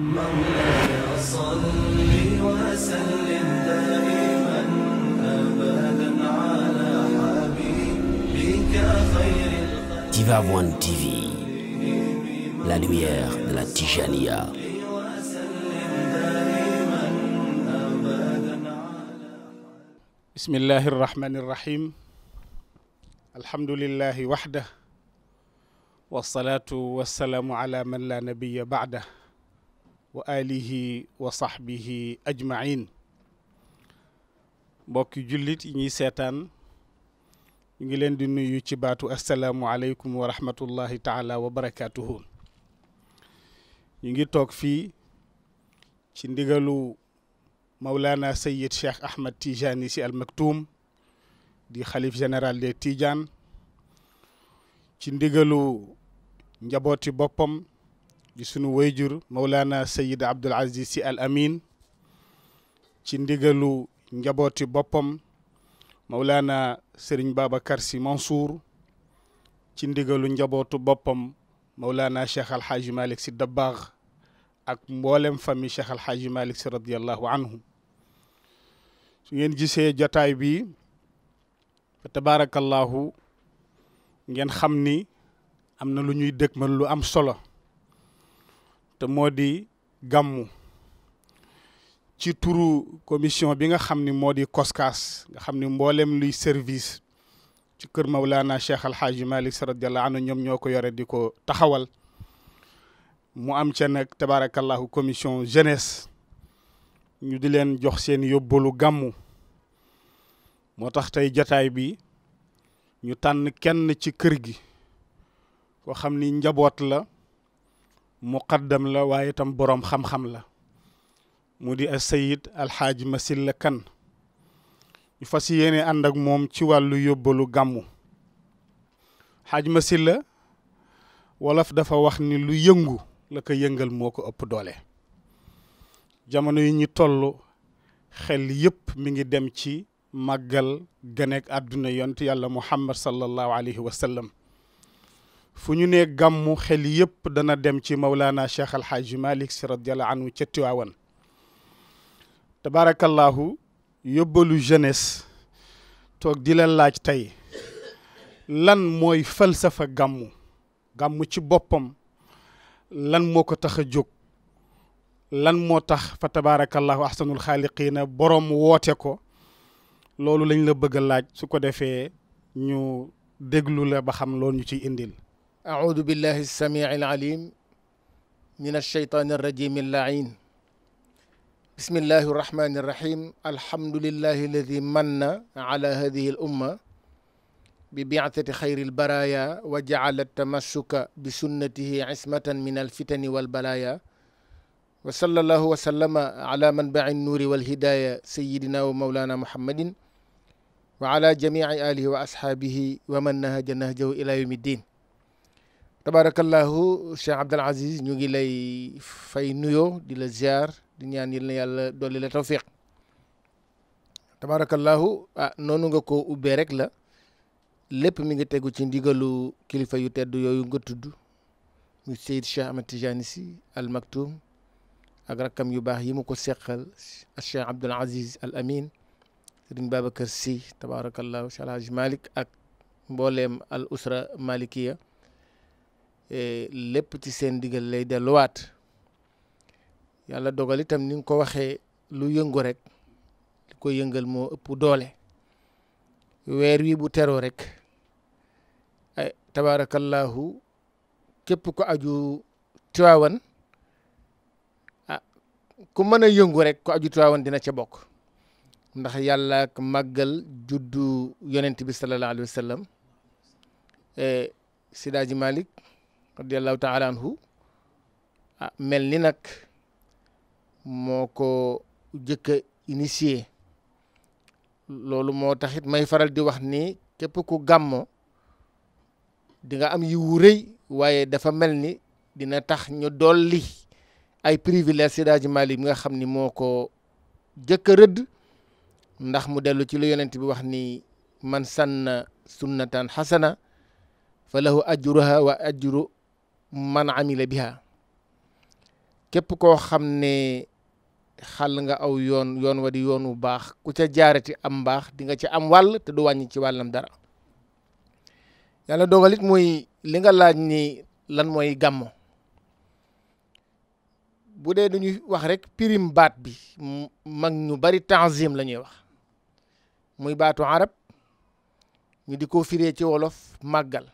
مولاي One TV La lumière de la Tijania بسم الله الرحمن الرحيم الحمد لله وحده والصلاة والسلام على من لا نبي بعده وآله وصحبه أجمعين بوكي جلت إني سيطان نجلين دنو يوتيبات السلام عليكم ورحمة الله تعالى وبركاته نجي توك في شندقلو مولانا سيد شيخ أحمد تيجاني سي المكتوم دي خليف جنرال دي تيجان شندقلو نجابوتي بوبم di sunu wayjur Mawlana Sayyid Abdul Aziz Al Amin ci ndigalu njaboti bopam Mawlana Serigne babakar si Mansour ci ndigalu njabotu bopam Mawlana Cheikh Al Hadj malik si Dabakh ak mbollem fami Cheikh Al Hadj malik si radiyallahu anhu su ngeen gisee jotaay bi fa tabaarakallahu ngeen xam ni am na lu ñuy dëgmal lu am solo. modi gamu ci turu commission bi nga xam ni moo nga luy service ci keur Maulana Cheikh Al Hadj Malick Sy radiyallahu anhu ñom ñoko yore diko taxawal mu am ca nag tabaarakallahu commission jeunesse ñu di len jox seen yobolu gamu motax tay jotaay bi ñu tan kenn ci keur gi ko xamni njabot la مقدم لا واي تام بوروم خام خام لا مودي السيد الحاج مسيل كان يفاسييني اندك موم تي والو يوبلو غامو حاج مسيل ولاف دافا واخني لو ييغو لا كا ييغال موكو اوب دوله جامانو يي ني تولو خيل ييب ميغي ديم تي ماغال غنك ادنا يونت يالا محمد صلى الله عليه وسلم fu ñu nee gàmmu xel yëpp dana dem ci Mawlana Cheikh Al Hadj Malick si radiallahu anhu ca Tiwaawan tabarakallahu yóbbalu jeunesse toog di la laaj tey lan mooy falsafa gàmmu gàmmu ci boppam lan moo ko tax a jóg lan moo tax fa tabarakallahu ahsanul xaaliqiina boroom woote ko loolu lañ la bëgg a laaj su ko defee ñu déglu la ba xam loolu ñu ci indil أعوذ بالله السميع العليم من الشيطان الرجيم اللعين بسم الله الرحمن الرحيم الحمد لله الذي من على هذه الأمة ببعثة خير البرايا وجعل التمسك بسنته عصمة من الفتن والبلايا وصلى الله وسلم على منبع النور والهداية سيدنا ومولانا محمد وعلى جميع آله وأصحابه ومن نهج نهجه إلى يوم الدين tabarakallahu Cheikh Abdel Aziz ñu ngi lay fay nuyoo di la ziar di ñaan yal na yàlla dolli la tawfiq tabarakallahu ah noonu nga ko ubbee rek la lépp mi ngi tegu ci ndigalu kilifa yu tedd yooyu nga tudd mu Seyid Cheikh Ahmed Tijani Sy Al Maktoum ak rakkam yu baax yi mu ko seqal Cheikh Abdel Aziz Al Amin Serigne Babacar Sy tabarakallahu Cheikh Alhaji Malick ak mbooleem al usra malikiya Eh, lépp ci seen diggal lay delluwaat yàlla dogal itam ni nga ko waxee lu yëngu rek li ko yëngal moo ëpp doole weer wi bu teroo rek ay képp ko aju Tiwaawan a ah, ku mën a yëngu rek ko aju Tiwaawan dina ca bokk ndax yàlla ak màggal juddu yonent bi sallallahu alayhi wa sallam eh, Seydi Hadji radiallahu taala anhu ah mel ni nag moo ko jëkk a loolu moo taxit may faral di wax ni képp ku gàmmo di nga am yiwu rëy waaye dafa mel ni dina tax ñu dolli ay privilège si daaji bi nga xam ni moo ko jëkka rëdd ndax mu dellu ci lu yonent bi wax ni man sanna sunnatan hasana fa lahu ajruha wa ajru man amila biha képp koo xam ne xàll nga aw yoon yoon wa yoon wu baax ku ca jaarati am baax di nga ci am wàll te du wàññi ci wàllam dara yaa dogal it muy li nga laaj ni lan mooy gàmmo bu dee duñuy wax rek pirim baat bi mag ñu bari tanzim la ñuy wax muy baatu arab ñu di ko firee ci wolof màggal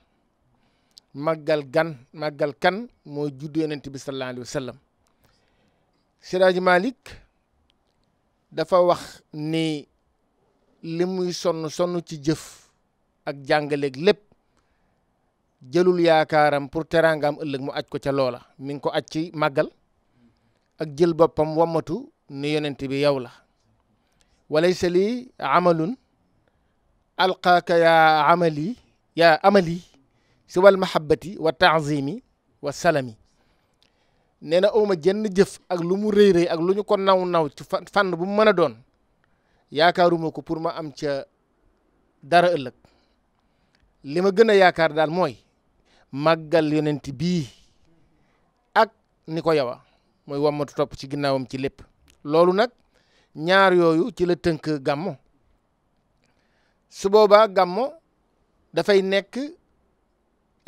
magal gan magal kan moo juddu yonent bi sallallahu alaihi wasallam sallam Malik dafa wax ni limuy sonu sonu ci jëf ak jàngaleeg lepp jëlul yaakaaram pour terangam ëlëk mu aj ko ca loola mi ngi ko aj ci magal ak jël boppam wammatu ni yonent bi yow la walaysa li amalun alqaaka ya amali ya amali si wal mahabbati wa taazimi wa salami nee na awma jenn jëf ak lu mu rëy rëy ak lu ñu ko naw naw ci fànn bu mu mën a doon yaakaaruma ko pour ma am ca dara ëllëg li ma gën a yaakaar daal mooy màggal yonent bii ak ni ko yawa mooy wammatu topp ci ginnaawam ci lépp loolu nag ñaar yooyu ci la tënk gàmmo su boobaa gàmmo dafay nekk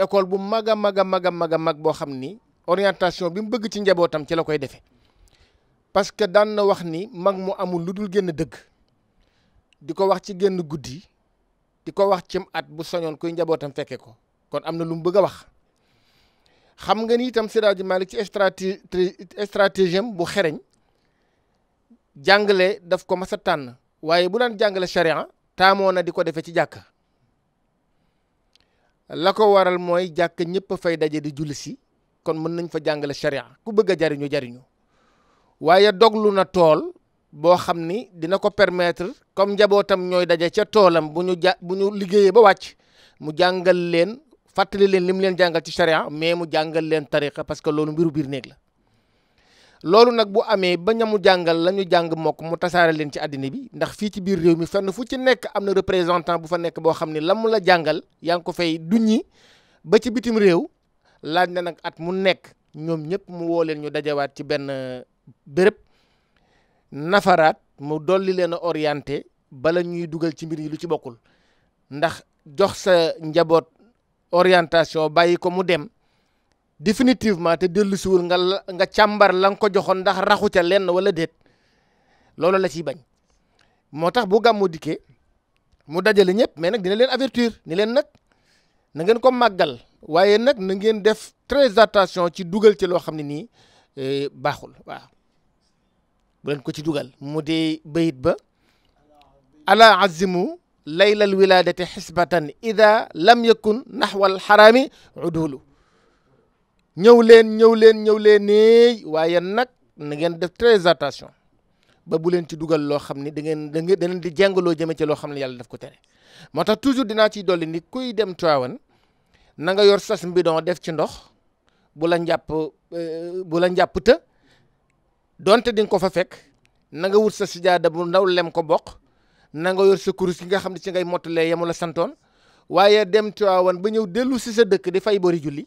école bu mag a mag a mag a mag a mag boo xam ni orientation bi mu bëgg ci njabootam ci la koy defe parce que daan na wax ni mag mu amul lu dul génn dëgg di ko wax ci génn guddi di ko wax cim at bu soñoon koy njabootam fekke ko kon am na lu mu bëgg a wax xam nga ni itam Seydi Malick ci straté stratégie bu xereñ jàngale daf ko mas a tànn waaye bu daan jàngale charia taamoo na di ko defee ci jàkka la ko waral mooy jàkk ñëpp fay daje di julli si kon mën nañ fa jàngale sharia ku bëgg a jariñu jariñu waaye doglu na tool boo xam ni dina ko permettre comme njabootam ñooy daje ca toolam bu ñu ja bu ñu liggéeyee ba wàcc mu jàngal leen fàttali leen li mu leen jàngal ci sharia mais mu jàngal leen tariqa parce que loolu mbiru biir néeg la loolu nag bu amee ba ñamu jàngal la ñu jàng mokk mu tasaare leen ci àddina bi ndax fii ci biir réew mi fenn fu ci nekk am na représentant bu fa nekk boo xam ne la mu la jàngal yaa ngi ko fay duññi ba ci bitim réew laaj na nag at mu nekk ñoom ñëpp mu woo leen ñu dajawaat ci benn uh, bërëb nafaraat mu dolli leen a orienté bala ñuy dugal ci mbir yi lu ci bokkul ndax jox sa njaboot orientation bàyyi ko mu dem définitivement te wul nga nga chambar lang ko joxon ndax raxu ca lenn wala det lolo la ci bañ motax bu gamu diké mu dajale ñep mais nak dina leen avertir ni leen nak na ngeen ko magal waye nak na ngeen def très attention ci duggal ci lo xamni ni euh baxul wa bu leen ko ci duggal mu dee beuyit ba ala azimu laylal wiladati xisbatan ida lam yakun naxwa alxaraami udulu ñëw leen ñëw leen ñëw leen neey waaye nag na ngeen def très attention ba bu leen ci dugal loo xam ni da ngeen da ngeen di jàngaloo jëme ci loo xam ne yàlla def ko tere moo tax toujours dinaa ciy dolli ni kuy dem Tiwaawan na nga yor sas mbidon def ci ndox bula la njàpp euh, bu la njàpp të donte di nga ko fa fekk na nga wut sa sijaada bu ndaw lem ko bokk na nga yor sa kurus gi nga xam ne ci ngay mottalee yemu la santoon waaye dem Tiwaawan ba ñëw dellu si sa dëkk di fay bori julli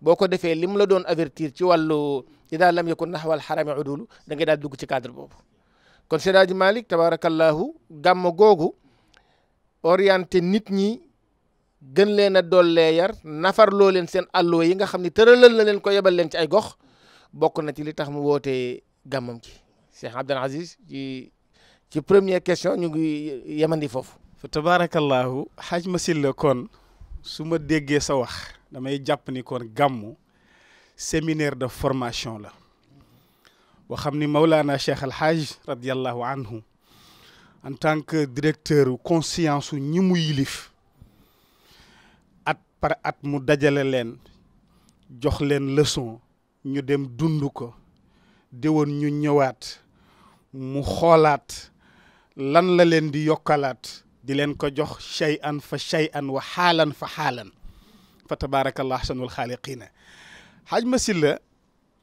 boko defé lim la doon avertir ci walu ida lam yakun al haram udulu da nga dal dug ci cadre bobu kon Seydi malik tabarakallahu gam gogu orienté nit ñi gën leena a yar nafar lo leen sen allo yi nga xamni ne la leen ko yebal leen ci ay gox bok na ci li tax mu wote gamam ci Cheikh Abdel Aziz ci ci première question ñu ngi yemandi fofu tabarakallahu xaaj kon su ma déggee sa wax damay jàpp ni kon gàmmu séminaire de formation la boo xam ni Maulana Cheikh Al Hadj radiallahu anhu en tant que directeur conscience su ñi mu yilif at par at mu dajale leen jox leen leçon ñu dem dund ko déwoon ñu ñëwaat mu xoolaat lan la leen di yokkalaat di leen ko jox shay an fa shay an wa xaalan fa xaalan fa tabaarakallah ahsanul xaaliqiina xaaj ma silla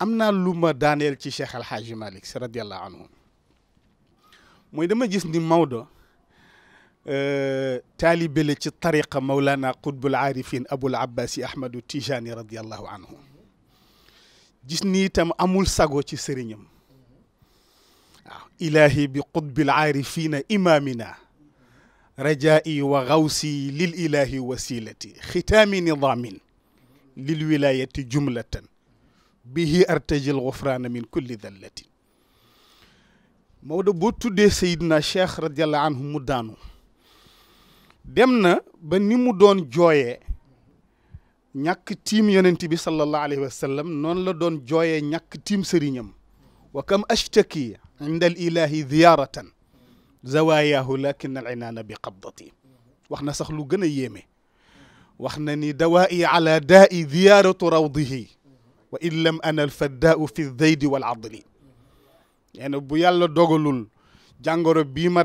am naa lu ma daaneel ci cheikh alxaaji malik si radiallahu anhu mooy dama gis ni Maodo taalibe la ci tariqa Mawlana Qutbul Aarifin Abul Abbasi Ahmadu Tijani radiallahu anhu gis ni itam amul sago ci sëriñam waaw ilaahi bi Qutbil Aarifina imaamina رجائي وغوصي للإله وسيلتي ختامي نظام للولاية جملة به أرتجي الغفران من كل ذلة مودو بوتو دي سيدنا شيخ رضي الله عنه مدانو دمنا بني مدون جوية نيك تيم يننتي صلى الله عليه وسلم نون لدون دون جوية نيك تيم سرينيم وكم أشتكي عند الإله ذيارة zawaayahu lakin al inaana bi qabdati wax na sax lu gën a yéeme wax na ni dawaa i ala daa i ziyaaratu rawdihi wa in lam anal faddaau fi zeydi wal adli nee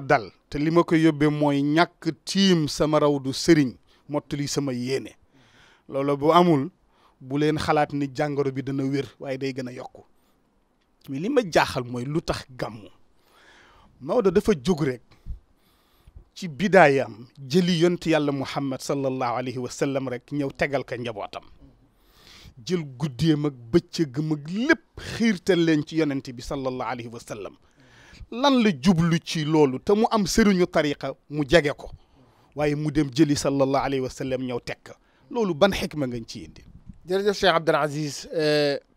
dal te li ma ko yóbbee mooy ñàkk tiim sama rawdu sëriñ mottali sama yéene loolu bu amul bu leen xalaat ni jàngoro bi dana wér waaye day gën yokku mais li ma jaaxal mooy lu tax gàmmu mawda dafa jóg rek ci bidayam jëli yontu yàlla Muhammad sallallahu alayhi wa sallam rek ñëw tegal ka njabotam jël guddeem ak bëccëgam ak lépp xirtal leen ci yonent bi sallallahu alayhi wa sallam lan la jublu ci lolu te mu am serignu tariqa mu jege ko waye mu dem jëli sallallahu alayhi wa sallam ñëw tek lolu ban hikma ngañ ci indi. jërëjëf Cheikh Abdoul Aziz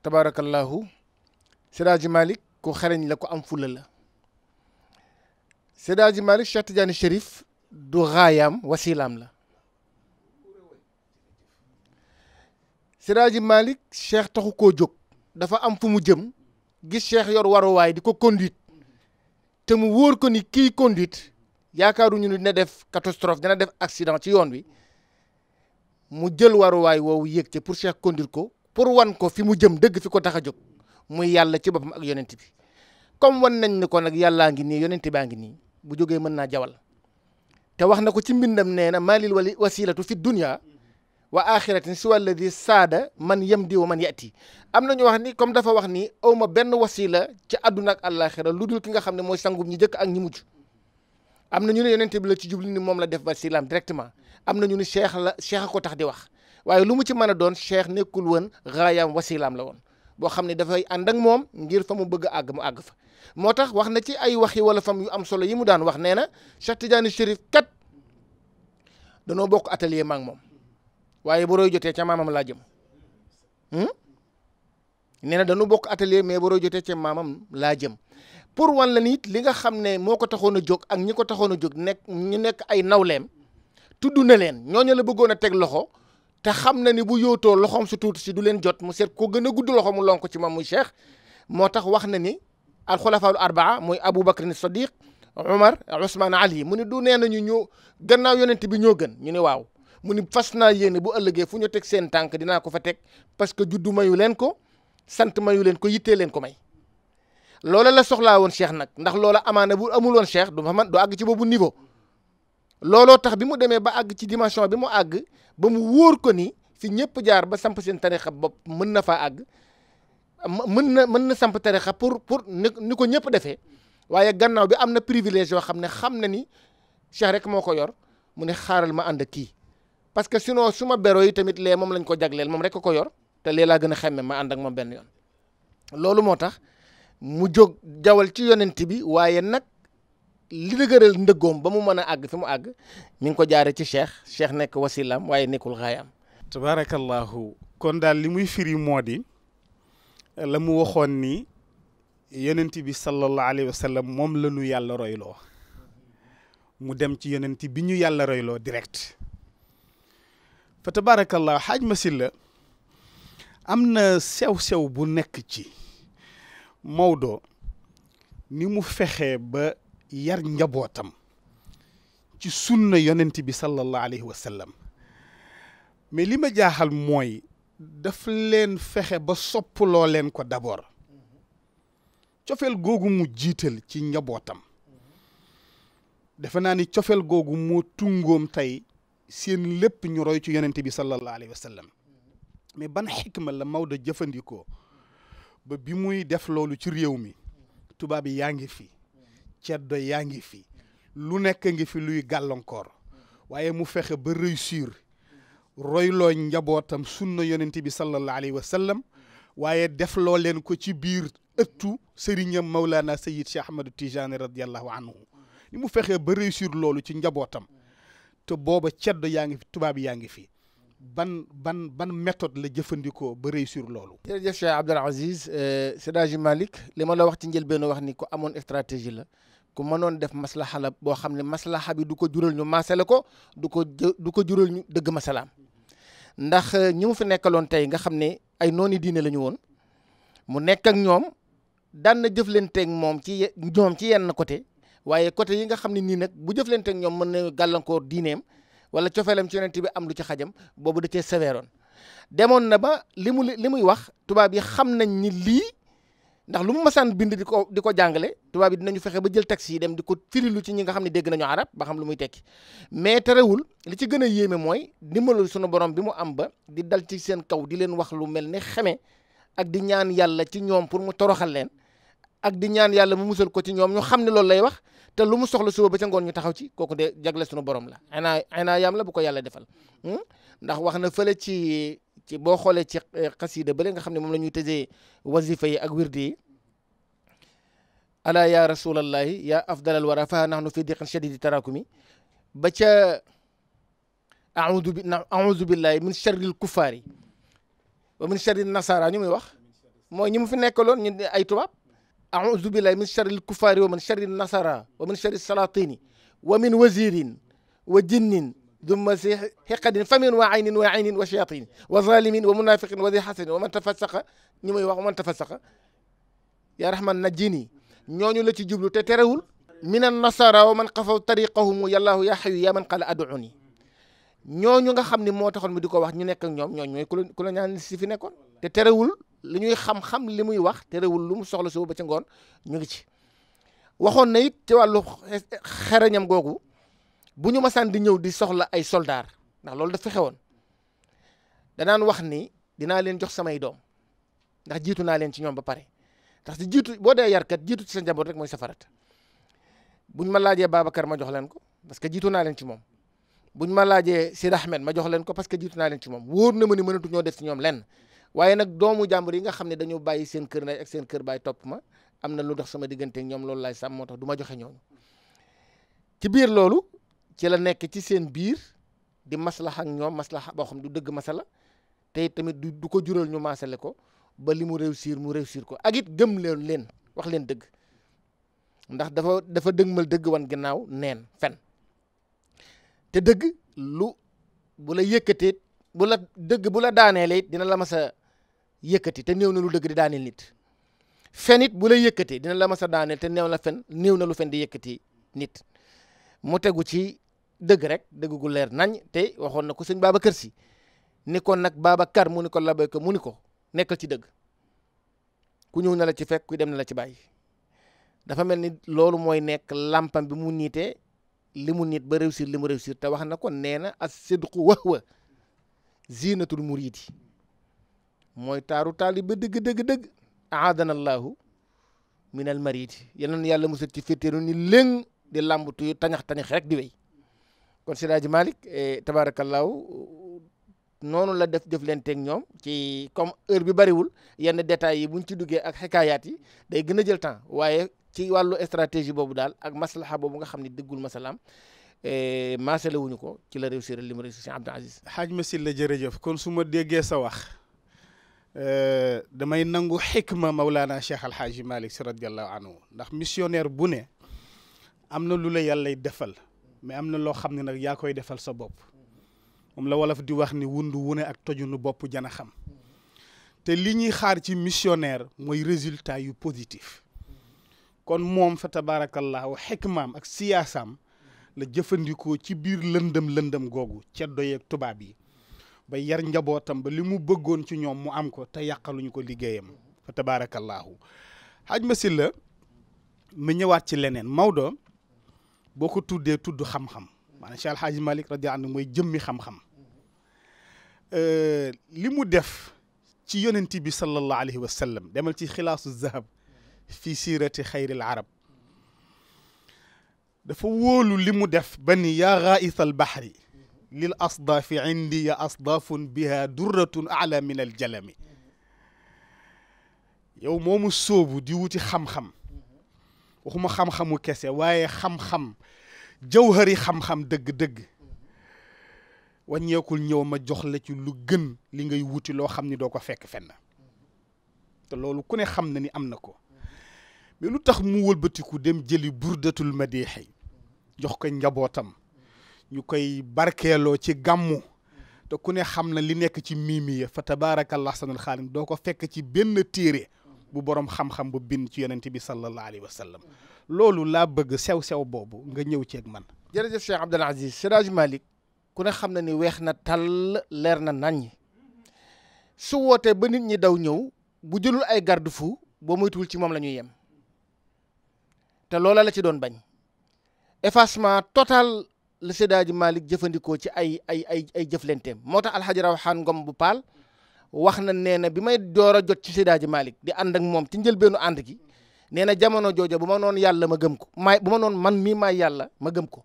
tabarakallah siraj Malik ko xarañ la ko am fula la. Seydi Hadji Malick Cheikh Tidiane Chérif du raayaam wasilaam la Seydi Hadji Cheikh taxu koo jóg dafa am fu mu jëm gi Cheikh yor waruwaay di ko conduite te mu wóor ko ni kii conduite yaakaaruñu ni dina def catastrophe dina def accident ci yoon wi mu jël waruwaay woowu yéeg ci pour Cheikh conduire ko pour wan ko fi mu jëm dëgg fi ko tax a jóg muy yàlla ci boppam ak yonent bi comme wan nañ ni ko nag yàllaa ngi nii yonent baa ngi nii bu jógee mën naa jawal te wax na ko ci mbindam nee na maalil wali wasilatu fi dunya wa axiratin si wàlla di saada man yem di wa man yati am na ñu wax ni comme dafa wax ni awma benn wasila ci àdduna ak àllaaxira lu dul ki nga xam ne mooy sangum ñi jëkk ak ñi mujj am na ñu ne yonente bi ci jublu ni moom la def wasilaam directement am na ñu ni cheikh la cheikh ko tax di wax waaye lu mu ci mën a doon cheikh nekkul woon raayaam wasilaam la woon boo xam ne dafay ànd ak moom ngir fa mu bëgg a àgg mu àgg fa moo tax wax na ci ay waxi wala fam yu am solo yi mu daan wax nee na Cheikh Tidiane Chérif kat danoo bokk atelier ma moom waaye bu roy jotee ca maamam laa jëm hmm? nee na dañu bokk atelier mais bu jotee ca maamam laa jëm pour wan la nit li nga xam ne moo ko taxoon a jóg ak ñi ko taxoon a jóg nekk ñu nekk ay nawleem tudd na leen ñooñu la bëggoon a teg loxo te xam na ni bu yootoo loxoom su tuuti si du leen jot mu seet ko gën a gudd loxo mu lonk ci moom muy cheikh moo tax wax na ni alxulafaalu arbaa muy abou bakrin sadiq omar ousmane ali mu ni du nee nañu ñoo gannaaw yonent bi ñoo gën ñu ne waaw mu ni fas naa yéene bu ëllëgee fu ñu teg seen tànk dinaa ko fa teg parce que juddu mayu leen ko sant mayu leen ko yittee leen ko may loola la soxlaa woon cheikh nag ndax loola amaana bu amul woon cheikh du ma man du àgg ci boobu niveau looloo tax bi mu demee ba àgg ci dimension bi mu àgg ba mu wóor ko nii fi ñëpp jaar ba samp seen tarixa bopp mën na faa àgg mën na mën na samp tarixa pour pour ni ko ñëpp defee waaye gannaaw bi am na privilège yoo xam ne xam na ni cheikh rek moo ko yor mu ne xaaral ma ànd ak kii parce que sinon su ma beroo yi tamit lee moom lañ ko jagleel moom rekk ko yor te lee laa gën a xemme ma ànd ak moom benn yoon loolu moo tax mu jóg jawal ci yonent bi waaye nag li dëgëral ndëggoom ba mu mën a àgg fi mu àgg mi ngi ko jaare ci cheikh cheikh nekk wasilaam waaye nekkul xaayaam tabaarakallahu kon daal li muy firi moo di la mu waxoon ni yonent bi sallallahu alayhi wa sallam moom la ñu yàlla royloo mu dem ci yonent bi ñu yàlla royloo direct fa tabaarakallahu xaaj masila am na sew-sew bu nekk ci Maodo ni mu fexe ba yar njabootam ci sunna yonent bi sallallahu alayhi wa sallam mais lima ma jaaxal mooy daf leen fexe ba soppaloo leen ko d'abord cofeel googu mu jiital ci njabootam defe naa ni cofeel googu moo tungoom tey seen lépp ñu roy ci yonent bi sallallahu alayhi wa sallam mais ban xikma la Maodo jëfandikoo ba bi muy def loolu ci réew mi tubaab yi yaa ngi fi ceddo yaa ngi fi lu nekk ngi fi luy gàllankoor waaye mu fexe ba réussir royloo njabootam sunna yonent bi sallallahu alayhi wa sallam waaye def loo leen ko ci biir ëttu sëriñam Maulana Sayid Cheikh Ahmadou Tijani radiallahu anhu ni mu fexe ba réussir loolu ci njabootam te booba ceddo yaa ngi fi tubaab yaa ngi fi ban ban ban méthode la jëfandikoo ba réussir loolu. jërëjëf Cheikh Abdoul euh, li ma la wax ci njëlbéenu wax ni ko amoon stratégie la. ku mënoon def maslaxa la boo xam ne maslaxa bi du ko jural ñu maasale ko du ko du ko jural ñu dëgg masalaam ndax euh, ñi mu fi nekkaloon tey nga xam ne ay nooni diine la ñu woon mu nekk ak ñoom daan na jëflanteeg moom ci ñoom ci yenn côté waaye côté yi nga xam ne nii nag bu jëflanteeg ñoom mën na gàllankoor diineem wala cofeelam ci yonent bi am lu ci xajam boobu da cee sévéroon demoon na ba limu mu li muy wax tubaab yi xam nañ ni lii ndax lu mu masaan bind di ko di ko jàngale tubaab bi dinañu fexe ba jël taxi yi dem di ko firilu ci ñi nga xam ne dégg nañu arab ba xam lu muy tekki mais terewul li ci gën a yéeme mooy dimbalul sunu borom bi mu am ba di dal ci seen kaw di leen wax lu mel ni xeme ak di ñaan yàlla ci ñoom pour mu toroxal leen ak di ñaan yàlla mu musal ko ci ñoom ñu xam ne loolu lay wax te lu mu soxla suba ba ca ngoon ñu taxaw ci kooku de jagle sunu borom la. ay naa ay naa yam la bu ko yàlla defal hmm? ci boo xoolee ci xasida bële nga xam ne moom la ñuy tëjee wazifa yi ak wirdi yi ala ya rasulallahi ya afdalal wara fa nahnu fi diqin shadidi tarakumi ba ca audu bi audu billahi min sharril kuffaari wa min sharril nasara ñu muy wax mooy ñi mu fi nekkaloon ñu ay tubaab audu billahi min sharril kuffaari wa min sharril nasara wa min sharril salatini wa min wazirin wa jinnin ذو مسيح حقد فم وعين وعين وشياطين وظالم ومنافق وذي حسن ومن تفسق ñi muy wax man tafasaqa yaa rahman najjini ñooñu la ci jublu te terewul min an nasara wa man qafaw tariqahum yallaahu yaa xayu yaa man qala ad'uni ñooñu nga xam ne moo taxoon mi di ko wax ñu nekk ak ñoom ñooñu mooy ku la ñaan si fi nekkoon te terewul li ñuy xam-xam li muy wax terewul lu mu soxla suba ba ci ngoon ñu ngi ci waxoon na it ci wàllu xereñam googu bu ñu ma masaan di ñëw di soxla ay soldaar ndax loolu dafa xewoon danaan wax ni dinaa leen jox samay doom ndax jiitu naa leen ci ñoom ba pare ndax si jiitu boo dee yarkat jiitu ci sa njaboot rek mooy safarat buñ ma laajee Babacar ma jox leen ko parce que jiitu naa leen ci moom buñ ma laajee Sid Ahmed ma jox leen ko parce que jiitu naa leen ci moom wóor na ma ni mënatu ñoo def ci ñoom lenn waaye nag doomu jàmbur yi nga xam ne dañoo bàyyi seen kër ndey ak seen kër baay topp ma am na lu dox sama diggante ñoom loolu laay sàmm moo tax du ma joxe ñooñu ci biir loolu ci la nekk ci seen biir di maslax ak ñoom maslax boo xam du dëgg masala tey tamit du du ko jural ñu maasale ko ba li mu réussir mu réussir ko ak it gëm leen leen wax leen dëgg ndax dafa dafa dëgmal dëgg wan ginnaaw neen fen te dëgg lu bu la yëkkatee bu la dëgg bu la daaneelee it dina la mas a yëkkati te néew na lu dëgg di daaneel nit fenit bu la yëkkatee dina la mas a daaneel te néew na fen néew na lu fen di yëkkati nit mu tegu ci dëgg rek dëgg gu leer nañ te waxoon na ko sëñ Babacar si ni ko nag Babacar mu ni ko Labayka mu ni ko nekkal ci dëgg ku ñëw na la ci fekk ku dem na la ci bàyyi dafa mel ni loolu mooy nekk làmpam bi mu niitee li mu niit ba réussir li mu réussir te wax na ko nee na as sidqu wax wa zinatul muridi mooy taaru taaliba dëgg dëgg dëgg aadana allahu min al maridi yeneen yàlla musal ci féttéeru ni léng di làmbtu tañax tañax rek di wéy kon Siraaji malik tabarakallah nonu la def def jëflanteeg ñom ci comme heure bi bari wul yenn detail yi buñ ci duggé ak xekaayaat yi day gëna jël temps waye ci walu stratégie bobu dal ak maslaha bobu nga xamni deggul masalam masalaam masale wuñu ko ci la réussir li mu réussir si Abdou Aziz. xaaj masil si la jërëjëf kon suma déggé sa wax euh damay nangu hikma Maulana Cheikh Al Hadj Malick si radiyallahu anhu ndax missionnaire bu ne amna lu la yalla defal. mais am na loo xam ne nag yaa koy defal sa bopp moom la wolof di wax ni wundu wune ak tojunu bopp jana xam te li ñuy xaar ci missionnaire mooy résultat yu positif kon moom fa tabaarakallaahu xikmaam ak siyaasaam la jëfandikoo ci biir lëndëm lëndëm ci doye ak tuba bi ba yar njabotam ba limu mu bëggoon ci ñom mu am ko te yàqaluñu ko liggéeyam fa tabaarakallaahu xaj ma la mu ñëwaat ci leneen mawdo boko tuddé tuddu xam-xam man Cheikh Alhaaji Malick radiyallaahu anhu moy jëmmi xam-xam euh limu def ci yonenti bi sallallahu alayhi wa sallam demal ci khilasu zahab fi sirati khair al arab dafa wóolu li mu def ba ya yaa al bahri lil asdaf indi ya asdaf biha durratun ala min al jalami yow momu sobu di wuti xam-xam waxuma xam-xamu kese waaye xam-xam jawhari xam-xam dëgg-dëgg wàññeekul ñëw ma jox la ci lu gën li ngay wuti loo xam ni doo ko fekk fenn te loolu ku ne xam na ni am na ko mais lu tax mu wëlbatiku dem jëli burdatul madiixi jox ko njabootam ñu koy barkeeloo ci gàmmu te ku ne xam na li nekk ci miimi ya fa tabaaraka allah sanal xaalim doo ko fekk ci benn téere bu borom xam-xam bu bind ci yonent bi sallallahu alayhi wa sallam loolu laa bëgg sew-sew boobu nga ñëw ceeg man jërëjëf Cheikh Abdoul Aziz Siraj Malick ku ne xam na ni weex na tàll leer na naññi su wootee ba nit ñi daw ñëw bu jëlul ay garde fu boo moytuwul ci moom la ñuy yem te loola la ci doon bañ effacement total la Siraj Malick jëfandikoo ci ay ay ay ay jëflenteem moo tax alxaji xaan Ngom bu paal wax na nee na bi may door a jot ci Seydi Hadji Malick di ànd ak moom ci njëlbeenu ànd gi nee na jamono jooja bu ma noon yàlla ma gëm ko may bu ma noon man mii maay yàlla ma gëm ko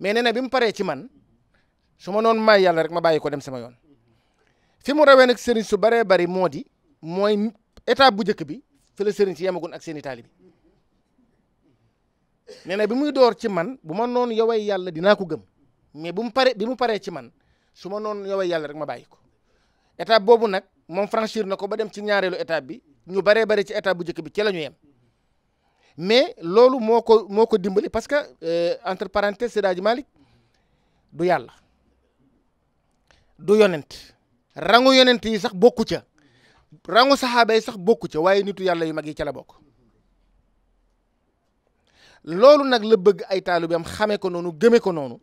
mais nee na bi mu paree ci man su ma noon maay yàlla rek ma bàyyi ko dem sama yoon fi mu rawee nag sëriñ su baree bari moo di mooy étape bu njëkk bi fi la sëriñ ak seen i na bi muy door ci man bu ma noon yoway yàlla dinaa ko gëm mais bu mu pare bi mu paree ci man su ma noon yoway yàlla rek ma bàyyi ko état boobu nag moom franchir na ko ba dem ci ñaareelu état bi ñu baree bare ci état bu jëkk bi ci la ñu yem mais loolu moo ko moo ko dimbali parce que euh, entre parenthèses Seydi Malick du yàlla du yonent rangu yonent yi sax bokku ca rangu saxaaba yi sax bokku ca waaye nitu yàlla yu mag yi ca la bokk loolu nag la bëgg ay taalu yam xamee ko noonu gëmee ko noonu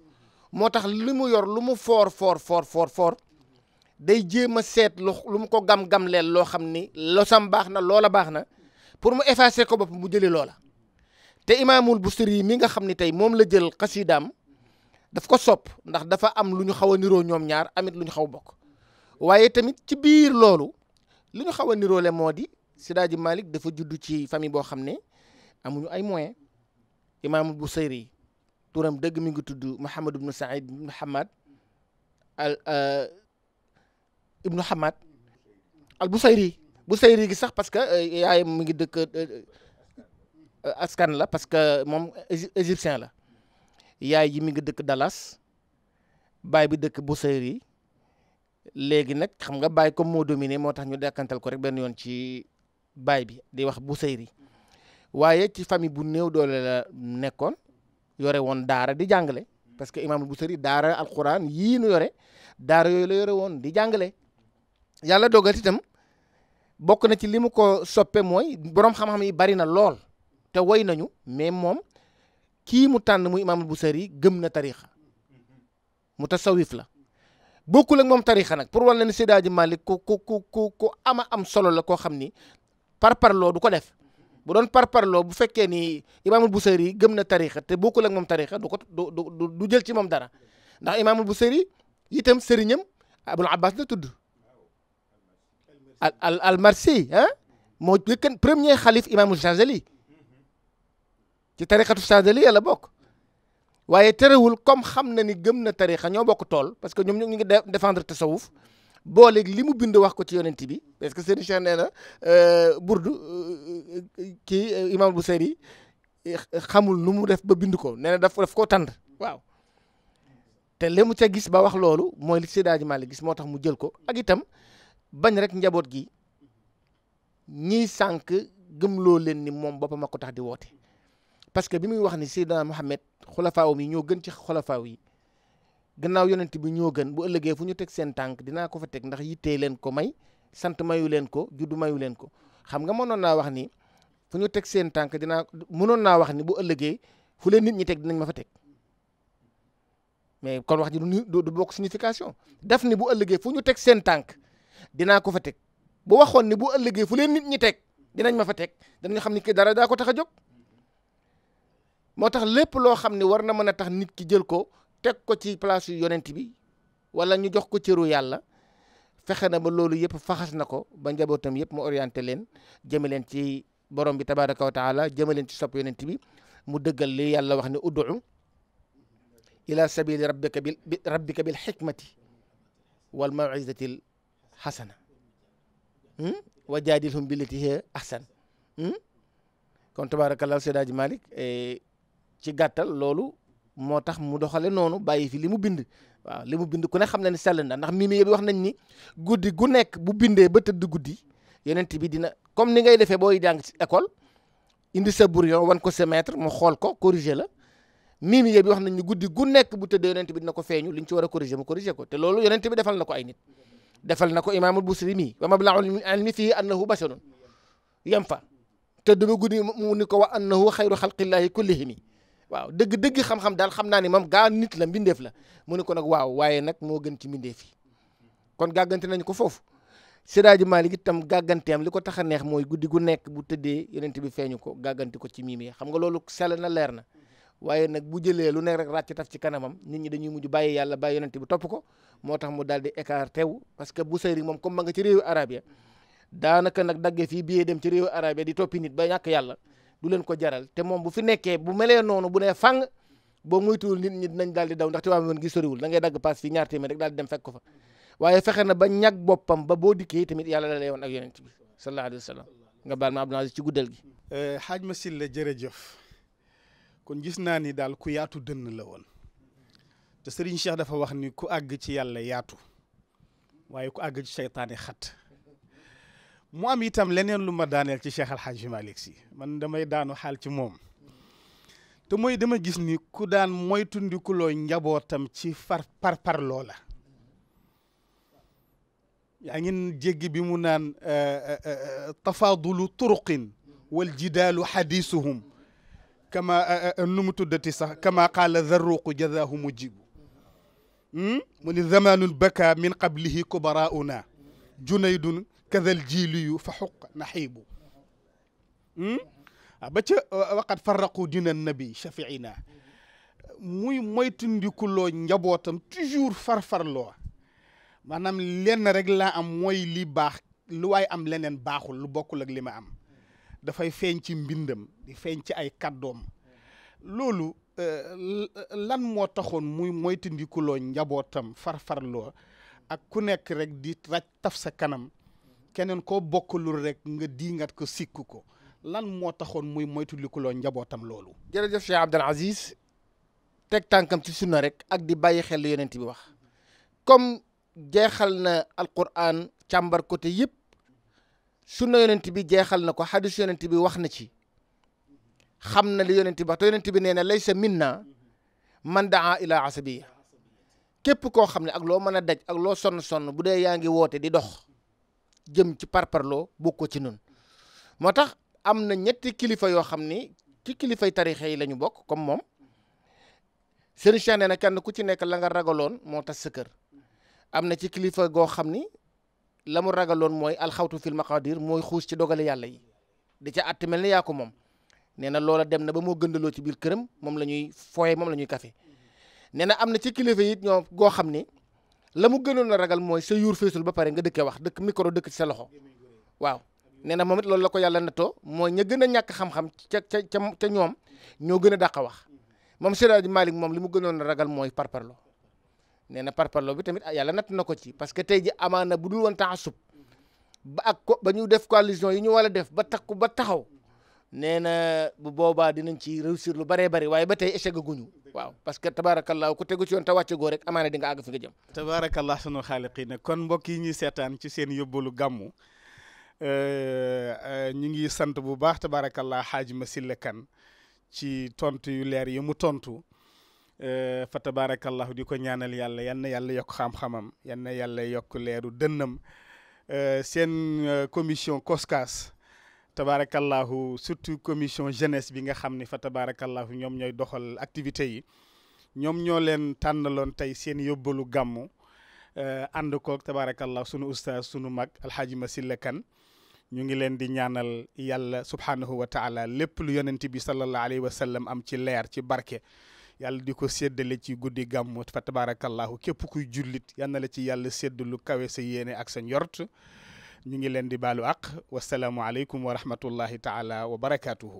moo tax li mu yor lu mu foor foor foor foor foor day jéem a seet lu mu ko gam-gam leen loo xam ni sam baax na loola baax na pour mu effacer ko bopp mu jëlee loola te imaamul Busiri mi nga xam ni tey moom la jël xasidaam daf ko sopp ndax dafa am lu ñu xaw a niroo ñoom ñaar amit lu ñu xaw bokk waaye tamit ci biir loolu lu ñu xaw a niroole moo di Sidaaji Malik dafa juddu ci famille boo xam ne amuñu ay moyens imaamul Busiri turam dëgg mi ngi tudd Mouhamadou ibnu Saïd Mouhamad al euh, ibnu Hamad al Busayri Busayri gi sax parce que euh, yaayam mu ngi dëkk euh, euh, askan la parce que moom égyptien la yaay ji mi ngi dëkk Dallas baay bi dëkk Busayri léegi nag xam nga baay comme moo dominé moo tax ñu dekkantal ko rek benn yoon ci baay bi di wax Busayri waaye ci famille bu néew doole la nekkoon yore woon daara di jàngale parce que imaam Busayri daara alquran yii nu yore daara yooyu la yore woon di jàngale yàlla dogal itam bokk na ci li mu ko soppe mooy borom xam-xam yi bari na lool te woy nañu mais moom kii mu tànn muy imaamul Busiri gëm na tarixa mu tasawif la bokkul ak moom tarixa nag pour wal na ni Seydi Hadji Malick ku ku ku ku ama am solo la koo xam ni par parparloo du ko def bu doon parparloo bu fekkee ni imaamul Busiri gëm na tarixa te bokkul ak moom tarixa du ko du du du jël ci moom dara ndax imaamul Busiri itam sëriñam Abul Abbas la tudd al al almarsi ah moo njëkkan premier xalif imaamu Chazali ci tarixatu Chazali yàlla bokk waaye terewul comme xam na ni gëm na tarixa ñoo bokk tool parce que ñoom ñu ngi défendre tasawuf booleeg li mu bind wax ko ci yonent bi parce que Serigne Cheikh nee na euh, burdu euh, kii euh, imaam Buseyri xamul nu mu def ba bind ko nee na daf daf koo tànd waaw te li mu ca gis ba wax loolu mooy li Seydi Hadji Malick gis moo tax mu jël ko ak itam bagn rek njabot gi ñiy sànq gëmloo leen ni mom boppam a ko tax di woote parce que bi muy wax ni Seydina mohammed khulafaaw mi ñoo gën ci khulafaaw yi gannaaw yonent bi ñoo gën bu ëllëgé fu ñu tek seen tank dina ko fa tek ndax yittee leen ko may sant mayu leen ko juddu mayu leen ko xam nga wax ni fu ñu tek seen tank dina wax ni bu ëllëgé fu leen nit ñi tek dinañ ma fa tek mais kon wax ji du du bokk signification daf ni bu ëllëgé fu ñu tek seen tank dinaa ko fa teg boo waxoon ne boo ëllëgee fu leen nit ñi teg dinañ ma fa teg danañ xam ni kii dara daa ko tax a moo tax lépp loo xam ne war na mën a tax nit ki jël ko teg ko ci place yu yonent bi wala ñu jox ko cëru yàlla fexe na ba loolu yëpp faxas na ko ba njabootam yëpp mu orienté leen jëme leen ci borom bi tabaraka wa taala jëme leen ci sopp yonent bi mu dëggal li yàlla wax ne uddu ila sabili rabbika bil rabbika bil xikmati wal mawizati xasana wa jaadilhum billati hiya ahsan kon tabaarakallaahu Seydi Hadji Malick ci gàttal loolu moo tax mu doxale noonu bàyyi fi li mu bind waaw li mu bind ku ne xam na ne sell na ndax mimi wax nañ ni guddi gu nekk bu bindee ba tëdd guddi yonent bi dina comme ni ngay defee boo jàng ci école indi sa brouillon wan ko sa mu xool ko corriger la mimi bi wax nañ ni guddi gu nekk bu tëddee yonent bi dina ko feeñu liñ ci war a corriger mu corriger ko te loolu yonent bi defal na ko ay nit defal na ko imaamul busiri mii wa mablaul ilmi annahu basharun yem fa tëdd ba guddi mu ni ko wa annahu xayru xalqillaahi kullihim yi waaw dëgg-dëgg xam-xam daal xam naa ni moom gaa nit la mbindeef la mu ne ko nag waaw waaye nag moo gën ci mbindeef yi kon gàggante nañ ko foofu sédaaji Maalik itam gàgganteem li ko tax a neex mooy guddi gu nekk bu tëddee yonent bi feeñu ko gàggante ko ci miim yi xam nga loolu sell na leer na waaye nag bu jëlee lu nekk rek ràcc taf ci kanamam nit ñi dañuy mujj bàyyi yàlla bàyyi yonent bi topp ko moo tax mu daal di écarté wu parce que Busayri moom comme ma nga ci réewu arab ya daanaka nag dagge fi billet dem ci réewu arab di toppi nit ba ñàkk yàlla du leen ko jaral te moom bu fi nekkee bu melee noonu bu nee fang boo muytuwul nit ñi dinañ daal di daw ndax Tiwaawan gi soriwul da ngay dagg paas fii ñaar téeméer rek daal di dem fekk ko fa waaye fexe na ba ñag boppam ba boo dikkee tamit yàlla la lay woon ak yonent bi sallallahu alayhi wa sallam nga baal ma Abdou Aziz ci gi. xaaj eh, ma sil la jërëjëf. kon gis naa ni daal ku yaatu dënn la woon te Serigne Cheikh dafa wax ni ku àgg ci yàlla yaatu waaye ku àgg ci seytaane xat mu am itam leneen lu ma daaneel ci Cheikh Al Hadj Malick Sy man damay daanu xaal ci moom te mooy dama gis ni ku daan moytundikuloo njabootam ci far par par loola yaa ngi jéggi bi mu naan tafadulu turuqin wal jidaalu xadiisuhum كما نمت دتسا كما قال ذروق جذاه مجيب من زمان بكى من قبله كبراؤنا جنيد كذا الجيل فحق نحيب وقد فرقوا دين النبي شفعنا موي موي تندي كلو نجابوتم تجور فرفر لو مانام لين رك لا ام موي لي باخ لواي ام لينن باخول لو بوكول ليما ام dafay feeñ ci mbindam di feeñ ci ay kàddoom loolu euh, lan moo taxoon muy moytandikuloo njabootam farfarloo ak ku nekk rek di raj taf sa kanam keneen koo bokkalul rek nga diingat ko sikk ko lan moo taxoon muy moytandikuloo njabootam loolu jërëjëf Cheikh Abdel Aziz teg tànkam ci sunna rek ak di bàyyi xel lu yonent bi wax comme jeexal na alquran càmbar côté yëpp sunna yonent bi jeexal na ko xadis yonent bi wax na ci xam na li yonent bi wax te yonent bi nee na sa minna man daa ila asabiya képp koo xam ne ak loo mën a daj ak loo sonn-sonn bu dee yaa ngi wootee di dox jëm ci parparloo bokkoo ci nun moo tax am na ñetti kilifa yoo xam ni ci kilifay tarixe yi lañu bokk comme moom sëriñ Cheikh nee na kenn ku ci nekk la nga ragaloon moo tas sa kër am na ci kilifa goo xam ni la ragaloon mooy alxawtu fil maqadir mooy xuus ci dogale yàlla yi di ca àtt mel ni yaa moom nee na loola dem na ba moo gëndaloo ci biir këram moom la ñuy fooye moom la ñuy kafe nee na am na ci kilifa yi it ñoo goo xam ne la mu gënoon a ragal mooy sa yuur feesul ba pare nga dëkkee wax dëkk micro dëkk ci sa loxo waaw nee moom it loolu la ko yàlla nattoo mooy ña gën a ñàkk xam-xam ca ca ca ñoom ñoo gën a dàq wax moom Seydi Malick moom li mu gënoon a ragal mooy parparlo nee na parparloo bi tamit yàlla natt na ko ci parce que tey ji amaana bu dul woon taasub ba ak ko ba ñu def coalition yi ñu war a def ba takku ba taxaw nee na bu boobaa dinañ ci réussir lu bëree bëri waaye ba tey échec guñu waaw parce que tabaarakallaa ku tegu ci yoon te wàcce rek amaana di nga àgg fi nga jëm tabaarakallaa sunu xaaliqiina kon mbokk yi ñu seetaan ci seen yóbbalu gàmmu euh, euh, ñu ngi sant bu baax tabaarakallaa xaaj ma silla kan ci tontu yu leer yi mu tontu فتبارك الله ديكو نيانال يالا يان يالا يوك خام خامم يان يالا يوك ليرو دنم سين كوميسيون كوسكاس تبارك الله سورتو كوميسيون جينيس بيغا خامني فتبارك الله نيوم نيو دوخال اكتيفيتي يي نيوم نيو لين تانلون تاي سين يوبلو غامو اندكو تبارك الله سونو استاذ سونو ماك الحاج مسيل كان نيغي لين دي نيانال يالا سبحانه وتعالى لب لو يونتي بي صلى الله عليه وسلم ام تي لير تي بركه yàlla diko seddelé ci goudi gàmmu fa tabarakallahu képp kuy julit yalla la ci yàlla séddalu kawe sa yéné ak sa ñort ñu ngi leen di baalu àq wasalaamu alaykum wa rahmatullahi taala wa barakatuh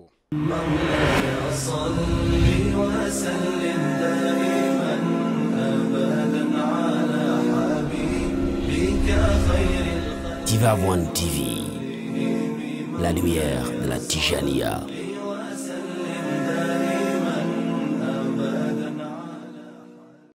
Diva One TV, la lumière de la Tijania.